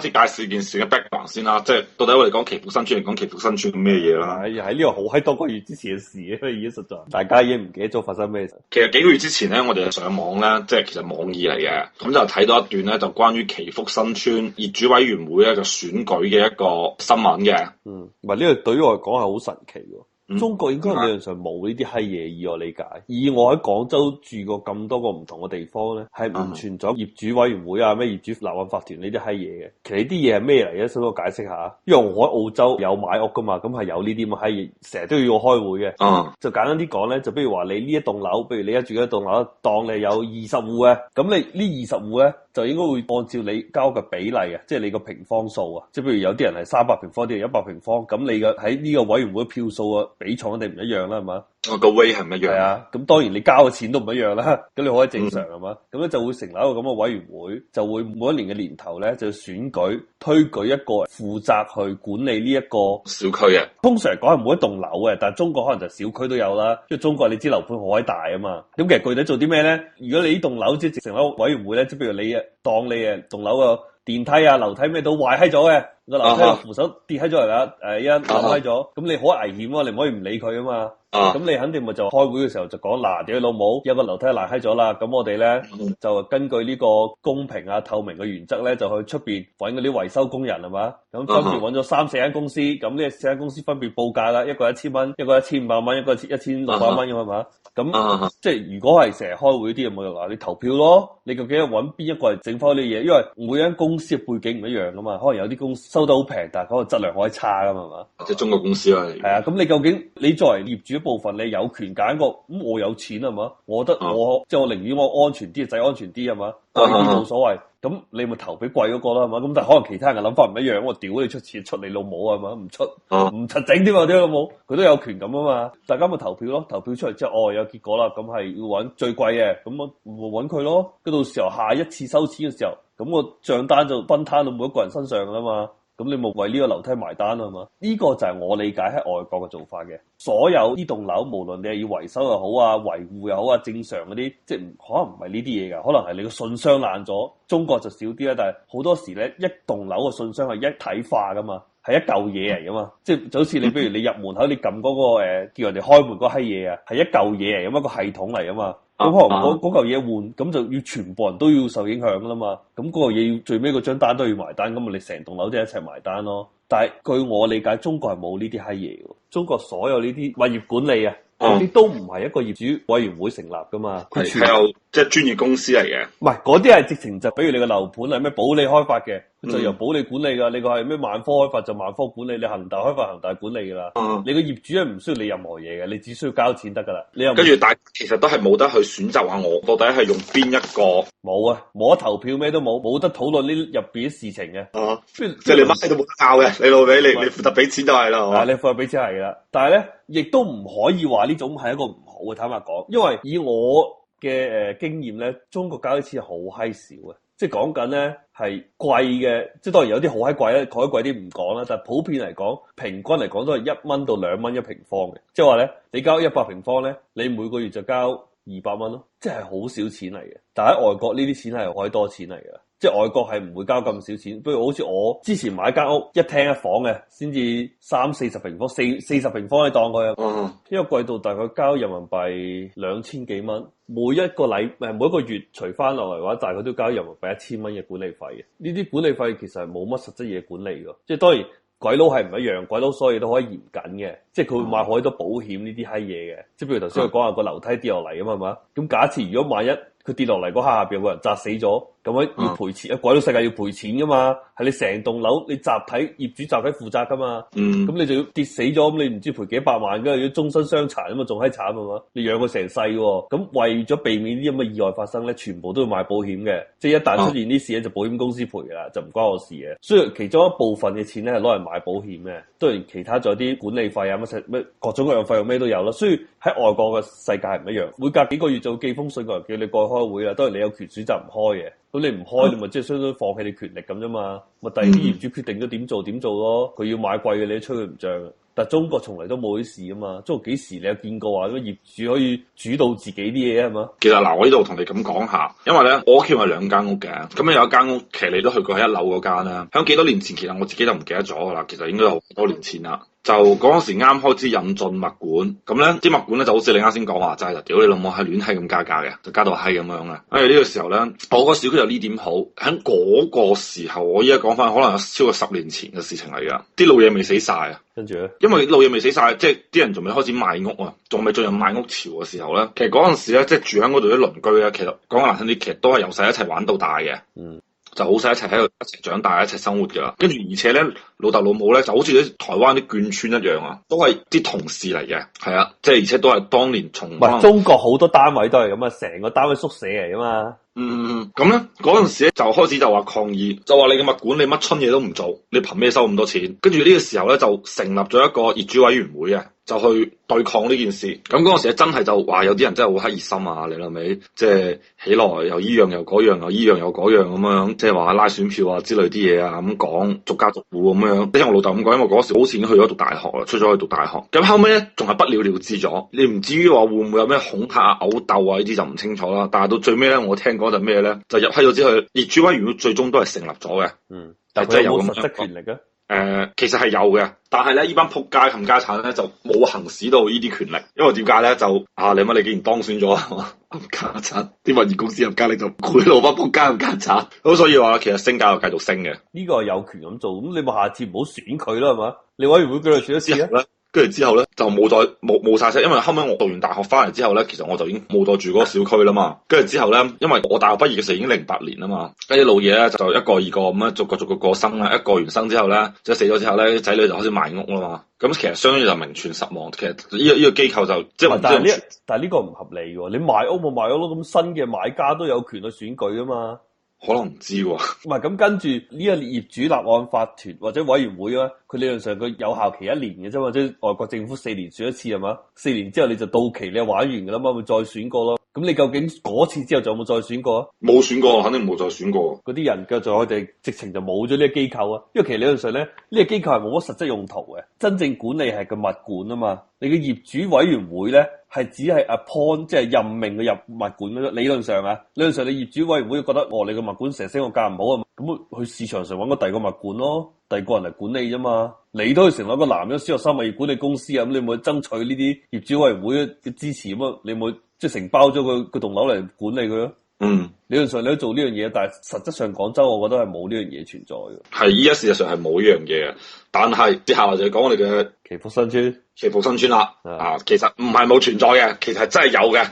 先介紹件事嘅 background 先啦，即係到底我哋講祈福新邨，嚟講祈福新邨咩嘢啦？哎呀，喺呢、啊、個好喺多個月之前嘅事啊，已經實在大家已經唔記得咗發生咩事。其實幾個月之前咧，我哋就上網咧，即係其實網易嚟嘅，咁就睇到一段咧，就關於祈福新邨業主委員會一個選舉嘅一個新聞嘅。嗯，唔係呢個對於我嚟講係好神奇喎。中國應該理論上冇呢啲閪嘢，以我理解，以我喺廣州住過咁多個唔同嘅地方咧，係唔存在業主委員會啊、咩業主立案法團呢啲閪嘢嘅。其實呢啲嘢係咩嚟嘅？想我解釋下，因為我喺澳洲有買屋噶嘛，咁係有呢啲咁閪嘢，成日都要開會嘅。Uh huh. 就簡單啲講咧，就比如話你呢一棟樓，譬如你一住一棟樓，當你有二十戶咧，咁你呢二十戶咧。就應該會按照你交嘅比例啊，即、就、係、是、你個平方數啊，即係譬如有啲人係三百平方，啲人一百平方，咁你嘅喺呢個委員會票數嘅、啊、比重，肯定唔一樣啦，係咪？我個 way 係唔一樣，係啊，咁當然你交嘅錢都唔一樣啦，咁你可以正常係嘛？咁咧、嗯、就會成立一個咁嘅委員會，就會每一年嘅年頭咧就選舉推舉一個負責去管理呢、這、一個小區啊。通常嚟講係每一棟樓嘅，但係中國可能就小區都有啦，因為中國你知樓盤好鬼大啊嘛。咁其實具體做啲咩咧？如果你呢棟樓即係成立一個委員會咧，即譬如你當你誒棟樓個電梯啊、樓梯咩都壞閪咗嘅，那個樓梯、啊啊、哈扶手跌閪咗嚟啦，誒一爛閪咗，咁、啊、哈你好危險、啊，你唔可以唔理佢啊嘛。咁、啊、你肯定咪就開會嘅時候就講嗱，屌你老母，有個樓梯爛閪咗啦，咁我哋咧就根據呢個公平啊透明嘅原則咧，就去出邊揾嗰啲維修工人係嘛，咁分別揾咗三四間公司，咁呢四間公司分別報價啦，一個一千蚊，一個一千五百蚊，一個一千六百蚊咁係嘛，咁即係如果係成日開會啲嘢咪嗱，就你投票咯，你究竟揾邊一個人整翻啲嘢？因為每間公司嘅背景唔一樣噶嘛，可能有啲公司收得好平，但係嗰個質量可以差噶嘛係嘛，即係、啊、中國公司啦，係啊，咁你究竟你作為業主？部分你有權揀個咁、嗯、我有錢啊嘛，我覺得我、嗯、即係我寧願我安全啲，仔安全啲啊嘛，呢啲冇所謂。咁你咪投俾貴嗰個啦，係嘛？咁但係可能其他人嘅諗法唔一樣，我屌你出錢出你老母係嘛，唔出唔出整啲嘛，啲老母佢都有權咁啊嘛。大家咪投票咯，投票出嚟之後，哦，有結果啦，咁係要揾最貴嘅，咁我揾佢咯。咁到時候下一次收錢嘅時候，咁個賬單就分攤到每一個人身上噶啦嘛。咁你冇為呢個樓梯埋單啊嘛？呢、這個就係我理解喺外國嘅做法嘅。所有呢棟樓，無論你係要維修又好啊、維護又好啊，正常嗰啲即係可能唔係呢啲嘢噶，可能係你個信箱爛咗。中國就少啲啦，但係好多時咧，一棟樓個信箱係一體化噶嘛，係一嚿嘢嚟噶嘛， 即係就好似你，比如你入門口你撳嗰、那個誒叫人哋開門嗰閪嘢啊，係一嚿嘢嚟，咁一個系統嚟噶嘛。咁我嗰嗰嚿嘢換，咁就要全部人都要受影響噶啦嘛。咁嗰嚿嘢要最尾嗰張單都要埋單，咁咪你成棟樓都一齊埋單咯。但係據我理解，中國係冇呢啲閪嘢嘅。中國所有呢啲物業管理啊，啲、啊、都唔係一個業主委員會成立噶嘛，佢全由。的的即係專業公司嚟嘅，唔係嗰啲係直情就，比如你個樓盤係咩保利開發嘅，就是、由保利管理噶；嗯、你個係咩萬科開發，就萬科管理；你恒大開發，恒大管理噶啦。啊、你個業主係唔需要理任何嘢嘅，你只需要交錢得噶啦。你又跟住大，其實都係冇得去選擇下我，我到底係用邊一個？冇啊，冇得投票，咩都冇，冇得討論呢入邊啲事情嘅。啊、如即係你乜嘢都冇得拗嘅是，你老尾你負責俾錢就係啦，你負責俾錢係啦。但係咧，亦都唔可以話呢種係一個唔好嘅，坦白講，因為以我。嘅誒、呃、經驗咧，中國交啲錢係好閪少嘅，即係講緊咧係貴嘅，即係當然有啲好閪貴啦，好閪貴啲唔講啦，但係普遍嚟講，平均嚟講都係一蚊到兩蚊一平方嘅，即係話咧你交一百平方咧，你每個月就交二百蚊咯，即係好少錢嚟嘅，但喺外國呢啲錢係可以多錢嚟嘅。即係外國係唔會交咁少錢，不如好似我之前買間屋一廳一房嘅，先至三四十平方，四四十平方你當佢，啊、一個季度大概交人民幣兩千幾蚊，每一個禮誒每一個月除翻落嚟嘅話，大概都交人民幣一千蚊嘅管理費嘅。呢啲管理費其實係冇乜實質嘢管理嘅，即係當然鬼佬係唔一樣，鬼佬所有嘢都可以嚴謹嘅，即係佢會買好多保險呢啲閪嘢嘅，即係譬如頭先佢講話個樓梯跌落嚟啊嘛，係嘛？咁假設如果萬一佢跌落嚟嗰下有個人砸死咗。咁樣要賠錢啊！鬼佬、嗯、世界要賠錢噶嘛，係你成棟樓你集體業主集體負責噶嘛。咁、嗯、你就要跌死咗，咁你唔知賠幾百萬，跟住如果終身傷殘啊嘛，仲係慘啊嘛。你養佢成世喎，咁為咗避免啲咁嘅意外發生咧，全部都要買保險嘅。即係一旦出現啲事咧，嗯、就保險公司賠啦，就唔關我事嘅。雖然其中一部分嘅錢咧係攞嚟買保險嘅，當然其他仲有啲管理費啊、乜乜各種各樣費用咩都有咯。所以喺外國嘅世界係唔一樣，每隔幾個月就寄封信過嚟叫你過去開會啦，當然你有權選擇唔開嘅。咁你唔開，嗯、你咪即係相當放棄你權力咁啫嘛。咪第二啲、嗯、業主決定咗點做點做咯，佢要買貴嘅，你都出去唔漲。但係中國從來都冇呢事啊嘛。中國幾時你有見過話乜業主可以主導自己啲嘢啊嘛？其實嗱，我呢度同你咁講下，因為咧我屋企咪兩間屋嘅，咁咧有一間屋，其實你都去過，喺一樓嗰間啦。喺幾多年前，其實我自己都唔記得咗噶啦。其實應該好多年前啦。就嗰陣時啱開始引入物管，咁咧啲物管咧就好似你啱先講話，就係、是、屌你老母係亂閪咁加價嘅，就加到閪咁樣嘅。因為呢個時候咧，我、個小區就呢點好，喺嗰個時候，我依家講翻，可能有超過十年前嘅事情嚟噶，啲老嘢未死晒啊。跟住咧，因為啲老嘢未死晒，即係啲人仲未開始賣屋啊，仲未進入賣屋潮嘅時候咧。其實嗰陣時咧，即係住喺嗰度啲鄰居啊，其實講句難聽啲，其實都係由細一齊玩到大嘅。嗯。就好細一齊喺度一齊長大，一齊生活噶啦。跟住而且咧，老豆老母咧就好似啲台灣啲眷村一樣啊，都係啲同事嚟嘅，係啊，即係而且都係當年從唔係中國好多單位都係咁啊，成個單位宿舍嚟噶嘛。嗯嗯嗯，咁咧嗰陣時咧就開始就話抗議，就話你嘅物管你乜春嘢都唔做，你憑咩收咁多錢？跟住呢個時候咧就成立咗一個業主委員會啊。就去對抗呢件事，咁嗰陣時真係就話有啲人真係好黑熱心啊！你諗唔即係起來又依樣又嗰樣，又依樣又嗰樣咁樣，即係話拉選票啊之類啲嘢啊咁講，逐家逐戶咁樣。你聽係我老豆咁講，因為嗰時好似已經去咗讀大學啦，出咗去讀大學。咁後尾咧，仲係不了了之咗。你唔至於話會唔會有咩恐嚇、毆、呃、鬥啊？呢啲就唔清楚啦。但係到最尾咧，我聽講就咩咧，就入閪咗之後，業主委員會最終都係成立咗嘅，嗯，但係有咁嘅實質權力咧？誒、呃，其實係有嘅，但係咧，呢班仆街冚家產咧就冇行使到呢啲權力，因為點解咧？就啊，李乜你竟然當選咗冚家產，啲物業公司入間你就攪亂翻仆街冚家產，咁所以話其實升價又繼續升嘅。呢個係有權咁做，咁你咪下次唔好選佢啦，係嘛？你委員會叫佢選一次跟住之後咧，就冇再，冇冇晒聲，因為後尾我讀完大學翻嚟之後咧，其實我就已經冇再住嗰個小區啦嘛。跟住之後咧，因為我大學畢業嘅時候已經零八年啦嘛，跟啲老嘢咧就一個二個咁樣逐個逐個過生啦，嗯、一個完生之後咧，即死咗之後咧，仔女就開始賣屋啦嘛。咁其實相當於就名存實亡，其實呢、呢個呢、呢個機構就、嗯、即係是、呢個。全但係呢但係呢個唔合理嘅，你賣屋冇賣咗咯，咁新嘅買家都有權去選舉啊嘛。可能唔知喎，啊 啊，唔係咁，跟住呢個業主立案法團或者委員會咧，佢理論上佢有效期一年嘅啫，或者外國政府四年選一次係嘛？四年之後你就到期，你就玩完㗎嘛，會再選過咯。咁你究竟嗰次之後就有冇再選過啊？冇選過，肯定冇再選過。嗰啲人嘅就我哋直情就冇咗呢個機構啊。因為其實理論上咧，呢個機構係冇乜實質用途嘅，真正管理係個物管啊嘛。你嘅業主委員會咧係只係 appoint 即係任命嘅入物管。理論上啊，理論上你業主委員會覺得哦，你個物管成日升我價唔好啊，咁去市場上揾個第二個物管咯，第二個人嚟管理啫嘛。你都可以成立一個南洋私生物業管理公司啊，咁你咪爭取呢啲業主委員會嘅支持咁啊，你咪。即係承包咗佢個棟樓嚟管理佢咯。嗯，理論上你都做呢樣嘢，但係實質上廣州我覺得係冇呢樣嘢存在嘅。係依家事實上係冇呢樣嘢嘅，但係接下來就講我哋嘅祈福新邨、祈福新邨啦。的啊，其實唔係冇存在嘅，其實係真係有嘅。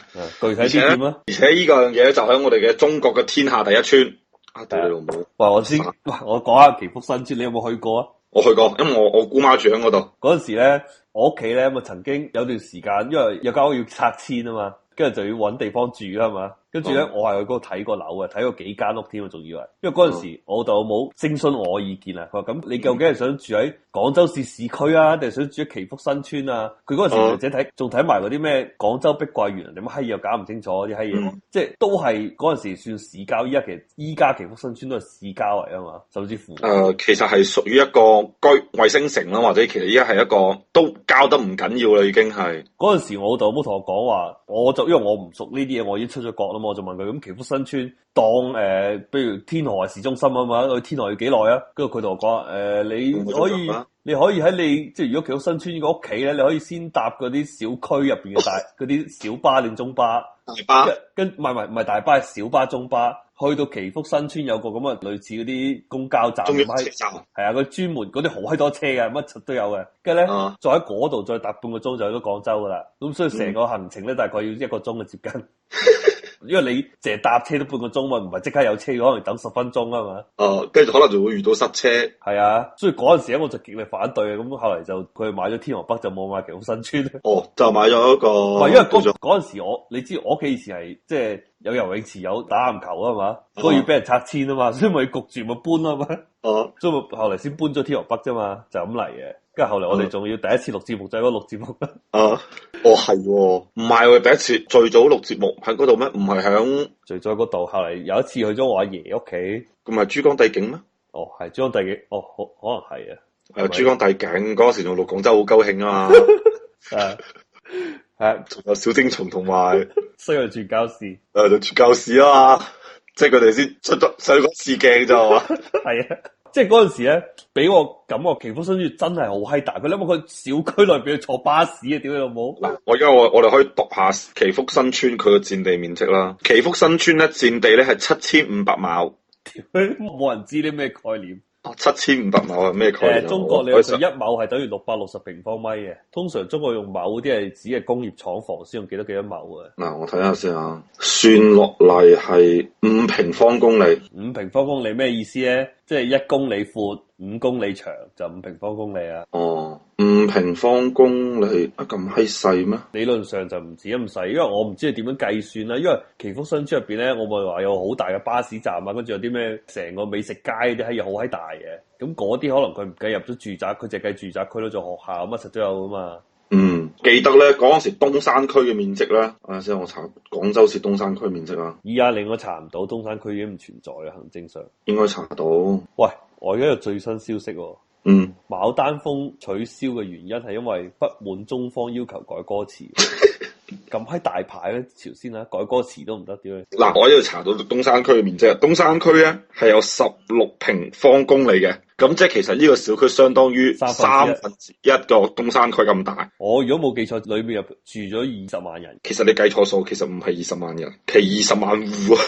具體點咧？而且依個樣嘢就喺我哋嘅中國嘅天下第一村。阿大佬唔好，喂我先，我講下祈福新邨，你有冇去過啊？我去過，因為我我姑媽住喺嗰度。嗰陣時咧，我屋企咧咪曾經有段時間，因為有間屋要拆遷啊嘛。跟住就要揾地方住啦，係嘛？跟住咧，呢嗯、我係去嗰度睇過樓啊，睇過幾間屋添啊，仲以為，因為嗰陣時、嗯、我老豆冇徵詢我嘅意見啊。佢話：咁你究竟係想住喺廣州市市區啊，定係想住喺祈福新村啊？佢嗰陣時而且睇仲睇埋嗰啲咩廣州碧桂園，啲乜閪又搞唔清楚啲閪嘢，嗯、即係都係嗰陣時算市郊。依家其實依家祈福新村都係市郊嚟啊嘛，甚至乎誒、呃，其實係屬於一個居衛星城啦，或者其實依家係一個都交得唔緊要啦，已經係嗰陣時我老豆冇同我講話，我就因為我唔熟呢啲嘢，我已經出咗國咯。咁我就問佢：咁祈福新村當誒、呃，譬如天河市中心啊嘛，去天河要幾耐啊？跟住佢同我講誒、呃，你可以你可以喺你即係如果祈福新村呢個屋企咧，你可以先搭嗰啲小區入邊嘅大嗰啲 小巴定中巴巴，跟唔係唔係唔係大巴係小巴中巴，去到祈福新村有個咁嘅類似嗰啲公交站站，係啊，佢專門嗰啲好閪多車嘅、啊，乜都有嘅。跟住咧，再喺嗰度再搭半個鐘就去到廣州噶啦。咁所以成個行程咧，大概要一個鐘嘅接近。因為你淨係搭車都半個鐘嘛，唔係即刻有車，可能等十分鐘啊嘛。哦、啊，跟住可能就會遇到塞車。係啊，所以嗰陣時咧我就極力反對，咁、嗯、後來就佢買咗天河北就冇買祈福新邨。哦，就買咗一個。係 因為嗰嗰陣時我，你知我屋企以前係即係。就是有游泳池，有打籃球啊嘛，都要俾人拆遷啊嘛，所以咪焗住咪搬咯，嘛。係咪？所以咪後嚟先搬咗天河北啫嘛，就咁嚟嘅。跟住、啊、後嚟我哋仲要第一次錄節目，就喺嗰錄節目。啊，哦係，唔係第一次，最早錄節目喺嗰度咩？唔係響最早嗰度，後嚟有一次去咗我阿爺屋企，咁係珠江帝景咩？哦，係珠江帝景，哦，可能係啊。誒，珠江帝景嗰時仲錄廣州，好高興啊嘛。誒。 係啊，仲有 小精蟲同埋需要傳教士，誒、 啊，傳教士啊嘛，即係佢哋先出到上嗰次鏡就係啊，即係嗰陣時咧，俾我感覺祈福新村真係好閪大，佢諗乜佢小區內邊坐巴士啊？屌你老母！我而家我我哋可以讀下祈福新村佢個占地面積啦，祈福新村咧占地咧係七千五百畝，冇人知啲咩概念。七千五百畝係咩概念、啊哎？中國你佢一畝係等於六百六十平方米嘅，通常中國用某啲係指嘅工業廠房先用多幾多幾多畝嘅。嗱、啊，我睇下先啊，算落嚟係五平方公里。五平方公里咩意思咧？即係一公里闊，五公里長，就五平方公里啊！哦，五平方公里啊咁閪細咩？理論上就唔止咁細，因為我唔知你點樣計算啦。因為祈福新邨入邊咧，我咪話有好大嘅巴士站啊，跟住有啲咩成個美食街啲係好閪大嘅。咁嗰啲可能佢唔計入咗住宅，佢淨係計住宅區咯，做學校啊乜實都有噶嘛。嗯，記得咧，嗰陣時東山區嘅面積啦。啊先，我查廣州市東山區面積啦，啊。家你應該查唔到東山區已經唔存在啦，行政上。應該查到。查到喂，我而家有最新消息，哦。嗯，牡丹峰取消嘅原因係因為不滿中方要求改歌詞。 咁閪大牌咧，朝鮮啊，改歌詞都唔得點咧？嗱、啊，我呢度查到東山區嘅面積，東山區咧係有十六平方公里嘅，咁即係其實呢個小區相當於三分之一個東山區咁大。我如果冇記錯，裏面入住咗二十萬人。其實你計錯數，其實唔係二十萬人，係二十萬戶啊！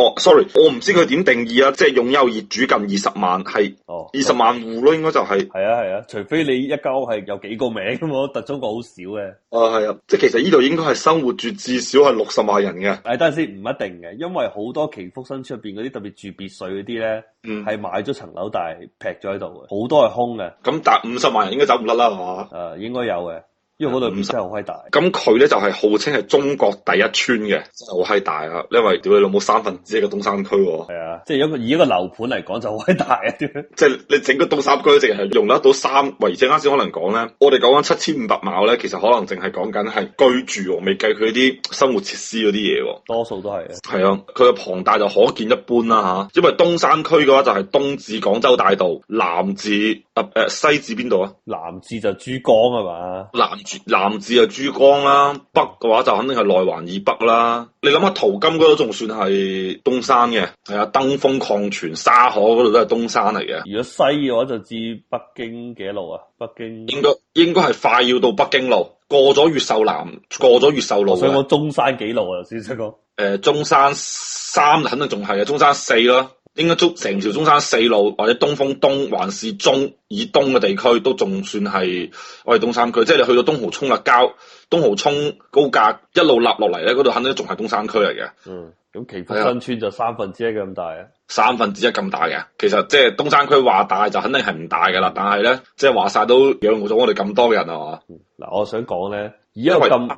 哦、oh，sorry，我唔知佢點定義啊，即係擁有業主近二十萬係，二十萬戶咯，應該就係。係啊係啊，除非你一家屋係有幾個名，我特中國好少嘅。哦、呃，係啊，即係其實呢度應該係生活住至少係六十萬人嘅。誒，等陣先，唔一定嘅，因為好多祈福新邨入邊嗰啲特別住別墅嗰啲咧，係、嗯、買咗層樓但係劈咗喺度嘅，好多係空嘅。咁達五十萬人應該走唔甩啦，係嘛？誒，應該有嘅。因為可能五十咁佢咧就係號稱係中國第一村嘅，好、就、閪、是、大啊！因為屌你老母三分之一嘅東山區喎，係啊，即係一個以一個樓盤嚟講就好閪大啊！ 即係你整個東三區淨係用得到三圍，正啱先可能講咧，我哋講緊七千五百畝咧，其實可能淨係講緊係居住，未計佢啲生活設施嗰啲嘢，多數都係啊，係啊，佢嘅龐大就可見一斑啦吓，因為東山區嘅話就係東至廣州大道，南至啊誒、呃、西至邊度啊？南至就珠江係嘛？南南至啊珠江啦，北嘅話就肯定係內環以北啦。你諗下淘金嗰度仲算係東山嘅，係啊，登峰礦泉沙河嗰度都係東山嚟嘅。如果西嘅話就至北京幾路啊？北京應該應該係快要到北京路，過咗越秀南，過咗越秀路。所以我中山幾路啊？先生哥，誒、呃，中山三肯定仲係啊，中山四咯。應該足成條中山四路或者東風東環市中以東嘅地區都仲算係我哋東山區，即係你去到東濠涌立交、東濠涌高架一路立落嚟咧，嗰度肯定仲係東山區嚟嘅。嗯，咁祈福新邨、啊、就三分之一咁大啊。三分之一咁大嘅，其實即係東山區話大就肯定係唔大噶啦，但係咧，即係話晒都養活咗我哋咁多人啊嘛。嗱、嗯，我想講咧。以一個咁，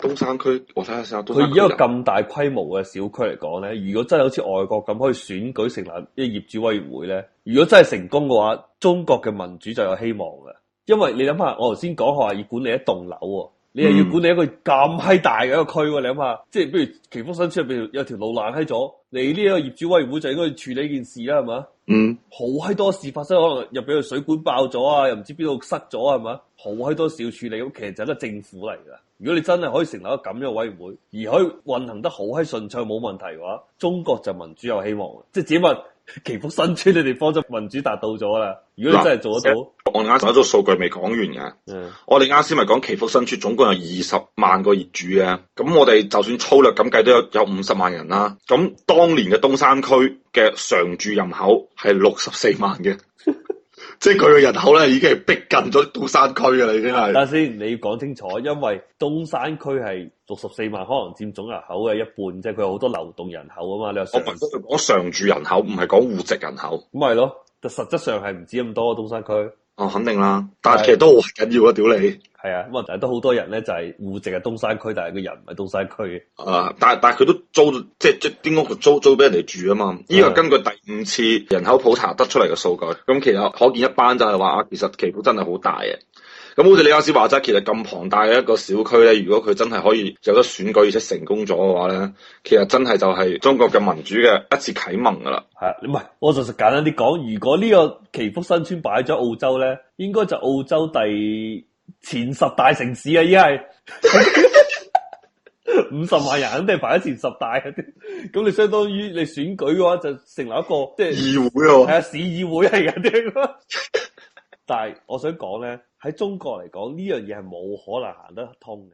東山區我睇下佢以一個咁大規模嘅小區嚟講咧，如果真係好似外國咁可以選舉成立一個業主委員會咧，如果真係成功嘅話，中國嘅民主就有希望嘅，因為你諗下，我頭先講話要管理一棟樓。你又要管理一個咁閪大嘅一個區，啊，你諗下，即係譬如祈福新村入邊有條路爛閪咗，你呢個業主委員會就應該處理件事啦，係嘛？嗯，好閪多事發生，可能又俾個水管爆咗啊，又唔知邊度塞咗啊，係嘛？好閪多事要處理，咁其實就係一個政府嚟噶。如果你真係可以成立一個咁樣嘅委員會，而可以運行得好閪順暢冇問題嘅話，中國就民主有希望。即係自問。祈福新邨呢地方就民主達到咗啦，如果你真係做得到，嗯、我哋啱先嗰個數據未講完嘅，嗯、我哋啱先咪講祈福新邨總共有二十萬個業主嘅，咁我哋就算粗略咁計都有有五十萬人啦，咁當年嘅東山區嘅常住人口係六十四萬嘅。 即係佢嘅人口咧，已經係逼近咗東山區嘅啦，已經係。等下先，你要講清楚，因為東山區係六十四萬，可能佔總人口嘅一半，即係佢有好多流動人口啊嘛。你我講常住人口，唔係講戶籍人口。咁係咯，但實質上係唔止咁多啊，東山區。啊，肯定啦，但係其實都好緊要啊，屌的你！係啊，問題都好多人咧，就係戶籍係東山區，但係個人唔係東山區。啊，但係、就是、但係佢、啊、都租，即係即係啲屋租租俾人哋住啊嘛。呢個根據第五次人口普查得出嚟嘅數據，咁、嗯嗯嗯、其實可見一斑就係話啊，其實祈福真係好大嘅。咁好似李老師話咗，其實咁龐大嘅一個小區咧，如果佢真係可以有得選舉而且成功咗嘅話咧，其實真係就係中國嘅民主嘅一次啟蒙噶啦。係啊，唔係，我就實簡單啲講，如果呢個祈福新邨擺咗澳洲咧，應該就澳洲第。前十大城市啊，已係五十萬人，肯定排喺前十大啊！咁你相當於你選舉嘅話，就成立一個即係、就是、議會啊，係啊，市議會係噶啲。但係我想講咧，喺中國嚟講，呢樣嘢係冇可能行得通嘅。